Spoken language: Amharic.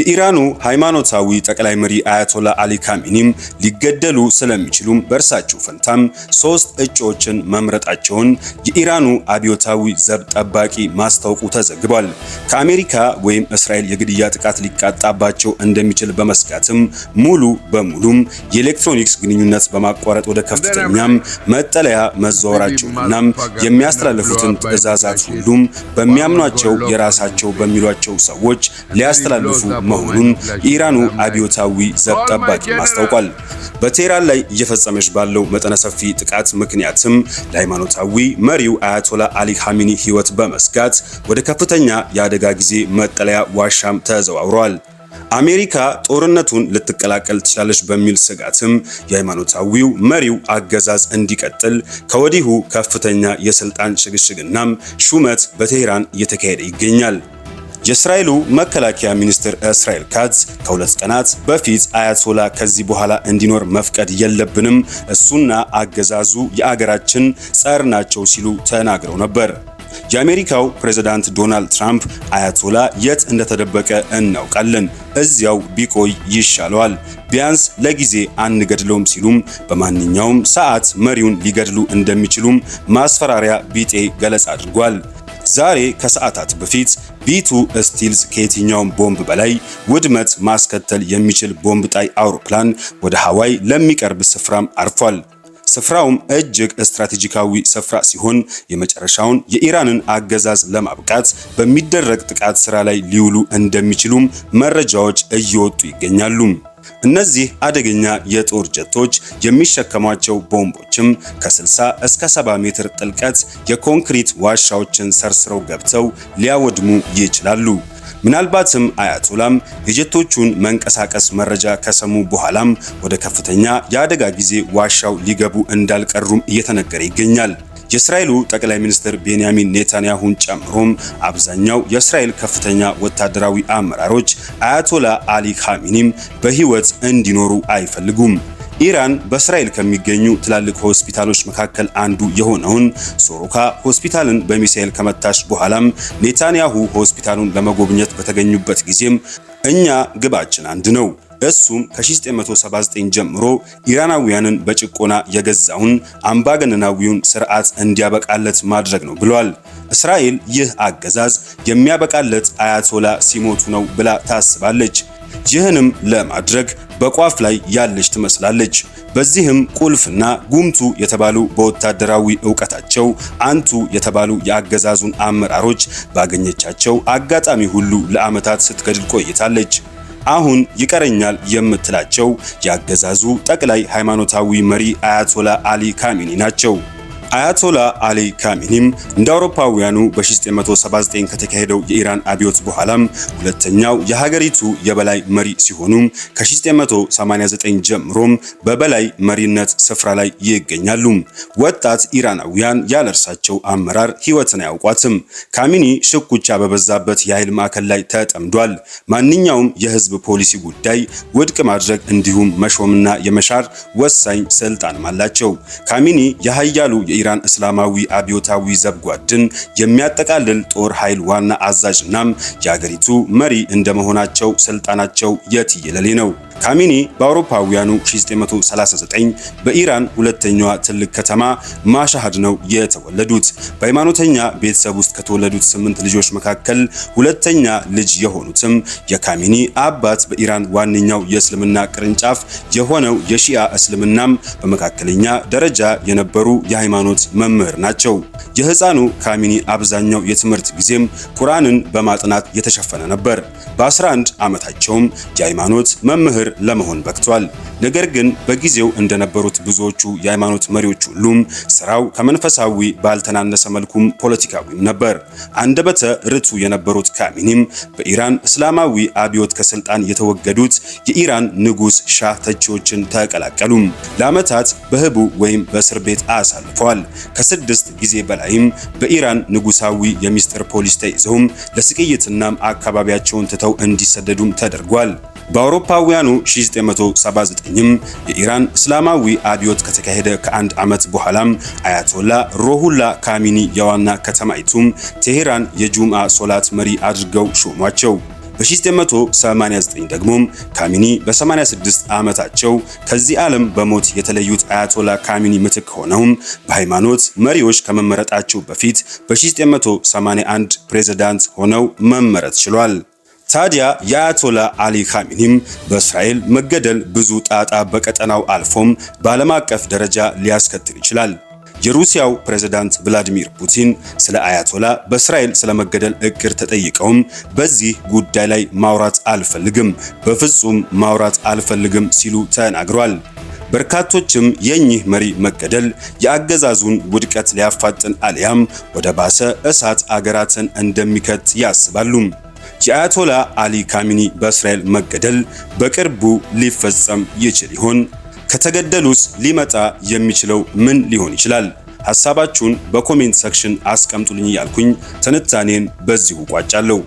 የኢራኑ ሃይማኖታዊ ጠቅላይ መሪ አያቶላ አሊ ካሚኒም ሊገደሉ ስለሚችሉም በእርሳቸው ፈንታም ሶስት እጩዎችን መምረጣቸውን የኢራኑ አብዮታዊ ዘብ ጠባቂ ማስታወቁ ተዘግቧል። ከአሜሪካ ወይም እስራኤል የግድያ ጥቃት ሊቃጣባቸው እንደሚችል በመስጋትም ሙሉ በሙሉም የኤሌክትሮኒክስ ግንኙነት በማቋረጥ ወደ ከፍተኛም መጠለያ መዛወራቸውናም የሚያስተላልፉትን ትዕዛዛት ሁሉም በሚያምኗቸው የራሳቸው በሚሏቸው ሰዎች ሊያስተላልፉ መሆኑን የኢራኑ አብዮታዊ ዘብ ጠባቂ አስታውቋል። በቴህራን ላይ እየፈጸመች ባለው መጠነ ሰፊ ጥቃት ምክንያትም ለሃይማኖታዊ መሪው አያቶላ አሊ ኻሜኒ ሕይወት በመስጋት ወደ ከፍተኛ የአደጋ ጊዜ መጠለያ ዋሻም ተዘዋውረዋል። አሜሪካ ጦርነቱን ልትቀላቀል ትችላለች በሚል ስጋትም የሃይማኖታዊው መሪው አገዛዝ እንዲቀጥል ከወዲሁ ከፍተኛ የስልጣን ሽግሽግናም ሹመት በቴህራን እየተካሄደ ይገኛል። የእስራኤሉ መከላከያ ሚኒስትር እስራኤል ካትዝ ከሁለት ቀናት በፊት አያቶላ ከዚህ በኋላ እንዲኖር መፍቀድ የለብንም፣ እሱና አገዛዙ የአገራችን ጸር ናቸው ሲሉ ተናግረው ነበር። የአሜሪካው ፕሬዝዳንት ዶናልድ ትራምፕ አያቶላ የት እንደተደበቀ እናውቃለን፣ እዚያው ቢቆይ ይሻለዋል፣ ቢያንስ ለጊዜ አንገድለውም ሲሉም በማንኛውም ሰዓት መሪውን ሊገድሉ እንደሚችሉም ማስፈራሪያ ቢጤ ገለጻ አድርጓል። ዛሬ ከሰዓታት በፊት ቢቱ ስቲልስ ከየትኛውም ቦምብ በላይ ውድመት ማስከተል የሚችል ቦምብ ጣይ አውሮፕላን ወደ ሃዋይ ለሚቀርብ ስፍራም አርፏል። ስፍራውም እጅግ ስትራቴጂካዊ ስፍራ ሲሆን የመጨረሻውን የኢራንን አገዛዝ ለማብቃት በሚደረግ ጥቃት ስራ ላይ ሊውሉ እንደሚችሉም መረጃዎች እየወጡ ይገኛሉ። እነዚህ አደገኛ የጦር ጀቶች የሚሸከሟቸው ቦምቦችም ከ60 እስከ 70 ሜትር ጥልቀት የኮንክሪት ዋሻዎችን ሰርስረው ገብተው ሊያወድሙ ይችላሉ። ምናልባትም አያቶላም የጀቶቹን መንቀሳቀስ መረጃ ከሰሙ በኋላም ወደ ከፍተኛ የአደጋ ጊዜ ዋሻው ሊገቡ እንዳልቀሩም እየተነገረ ይገኛል። የእስራኤሉ ጠቅላይ ሚኒስትር ቤንያሚን ኔታንያሁን ጨምሮም አብዛኛው የእስራኤል ከፍተኛ ወታደራዊ አመራሮች አያቶላ አሊ ካሚኒም በህይወት እንዲኖሩ አይፈልጉም። ኢራን በእስራኤል ከሚገኙ ትላልቅ ሆስፒታሎች መካከል አንዱ የሆነውን ሶሮካ ሆስፒታልን በሚሳኤል ከመታች በኋላም ኔታንያሁ ሆስፒታሉን ለመጎብኘት በተገኙበት ጊዜም እኛ ግባችን አንድ ነው እሱም ከ1979 ጀምሮ ኢራናውያንን በጭቆና የገዛውን አምባገነናዊውን ስርዓት እንዲያበቃለት ማድረግ ነው ብሏል። እስራኤል ይህ አገዛዝ የሚያበቃለት አያቶላ ሲሞቱ ነው ብላ ታስባለች። ይህንም ለማድረግ በቋፍ ላይ ያለች ትመስላለች። በዚህም ቁልፍና ጉምቱ የተባሉ በወታደራዊ እውቀታቸው አንቱ የተባሉ የአገዛዙን አመራሮች ባገኘቻቸው አጋጣሚ ሁሉ ለዓመታት ስትገድል ቆይታለች። አሁን ይቀረኛል የምትላቸው ያገዛዙ ጠቅላይ ሃይማኖታዊ መሪ አያቶላ አሊ ካሚኒ ናቸው። አያቶላ አሊ ካሚኒም እንደ አውሮፓውያኑ በ1979 ከተካሄደው የኢራን አብዮት በኋላም ሁለተኛው የሀገሪቱ የበላይ መሪ ሲሆኑ ከ1989 ጀምሮም በበላይ መሪነት ስፍራ ላይ ይገኛሉ። ወጣት ኢራናውያን ያለ እርሳቸው አመራር ህይወትን አያውቋትም። ካሚኒ ሽኩቻ በበዛበት የኃይል ማዕከል ላይ ተጠምዷል። ማንኛውም የህዝብ ፖሊሲ ጉዳይ ውድቅ ማድረግ እንዲሁም መሾምና የመሻር ወሳኝ ስልጣንም አላቸው። ካሚኒ የሀያሉ የኢራን እስላማዊ አብዮታዊ ዘብ ጓድን የሚያጠቃልል ጦር ኃይል ዋና አዛዥ እናም የአገሪቱ መሪ እንደመሆናቸው ስልጣናቸው የትየለሌ ነው። ካሚኒ በአውሮፓውያኑ 1939 በኢራን ሁለተኛዋ ትልቅ ከተማ ማሻሃድ ነው የተወለዱት። በሃይማኖተኛ ቤተሰብ ውስጥ ከተወለዱት ስምንት ልጆች መካከል ሁለተኛ ልጅ የሆኑትም የካሚኒ አባት በኢራን ዋነኛው የእስልምና ቅርንጫፍ የሆነው የሺአ እስልምናም በመካከለኛ ደረጃ የነበሩ የሃይማኖት መምህር ናቸው። የህፃኑ ካሚኒ አብዛኛው የትምህርት ጊዜም ቁርአንን በማጥናት የተሸፈነ ነበር። በ11 ዓመታቸውም የሃይማኖት መምህር ለመሆን በቅቷል። ነገር ግን በጊዜው እንደነበሩት ብዙዎቹ የሃይማኖት መሪዎች ሁሉም ስራው ከመንፈሳዊ ባልተናነሰ መልኩም ፖለቲካዊም ነበር። አንደበተ ርቱ የነበሩት ካሚኒም በኢራን እስላማዊ አብዮት ከስልጣን የተወገዱት የኢራን ንጉስ ሻህ ተቺዎችን ተቀላቀሉም። ለአመታት በህቡ ወይም በእስር ቤት አሳልፈዋል። ከስድስት ጊዜ በላይም በኢራን ንጉሳዊ የሚስጥር ፖሊስ ተይዘውም ለስቅይትናም አካባቢያቸውን ትተው እንዲሰደዱም ተደርጓል። በአውሮፓውያኑ 1979ም የኢራን እስላማዊ አብዮት ከተካሄደ ከአንድ ዓመት በኋላም አያቶላ ሮሁላ ካሚኒ የዋና ከተማይቱም ቴሄራን የጁምአ ሶላት መሪ አድርገው ሾሟቸው። በ1989 ደግሞ ካሚኒ በ86 ዓመታቸው ከዚህ ዓለም በሞት የተለዩት አያቶላ ካሚኒ ምትክ ሆነውም በሃይማኖት መሪዎች ከመመረጣቸው በፊት በ1981 ፕሬዝዳንት ሆነው መመረጥ ችሏል። ታዲያ የአያቶላ አሊ ካሚኒም በእስራኤል መገደል ብዙ ጣጣ በቀጠናው አልፎም በዓለም አቀፍ ደረጃ ሊያስከትል ይችላል። የሩሲያው ፕሬዝዳንት ቭላዲሚር ፑቲን ስለ አያቶላ በእስራኤል ስለመገደል እቅድ ተጠይቀውም በዚህ ጉዳይ ላይ ማውራት አልፈልግም፣ በፍጹም ማውራት አልፈልግም ሲሉ ተናግሯል። በርካቶችም የኚህ መሪ መገደል የአገዛዙን ውድቀት ሊያፋጥን አሊያም ወደ ባሰ እሳት አገራትን እንደሚከት ያስባሉ። የአያቶላ አሊ ካሚኒ በእስራኤል መገደል በቅርቡ ሊፈጸም ይችል ይሆን? ከተገደሉስ ሊመጣ የሚችለው ምን ሊሆን ይችላል? ሐሳባችሁን በኮሜንት ሰክሽን አስቀምጡልኝ እያልኩኝ ትንታኔን በዚሁ ቋጫለሁ።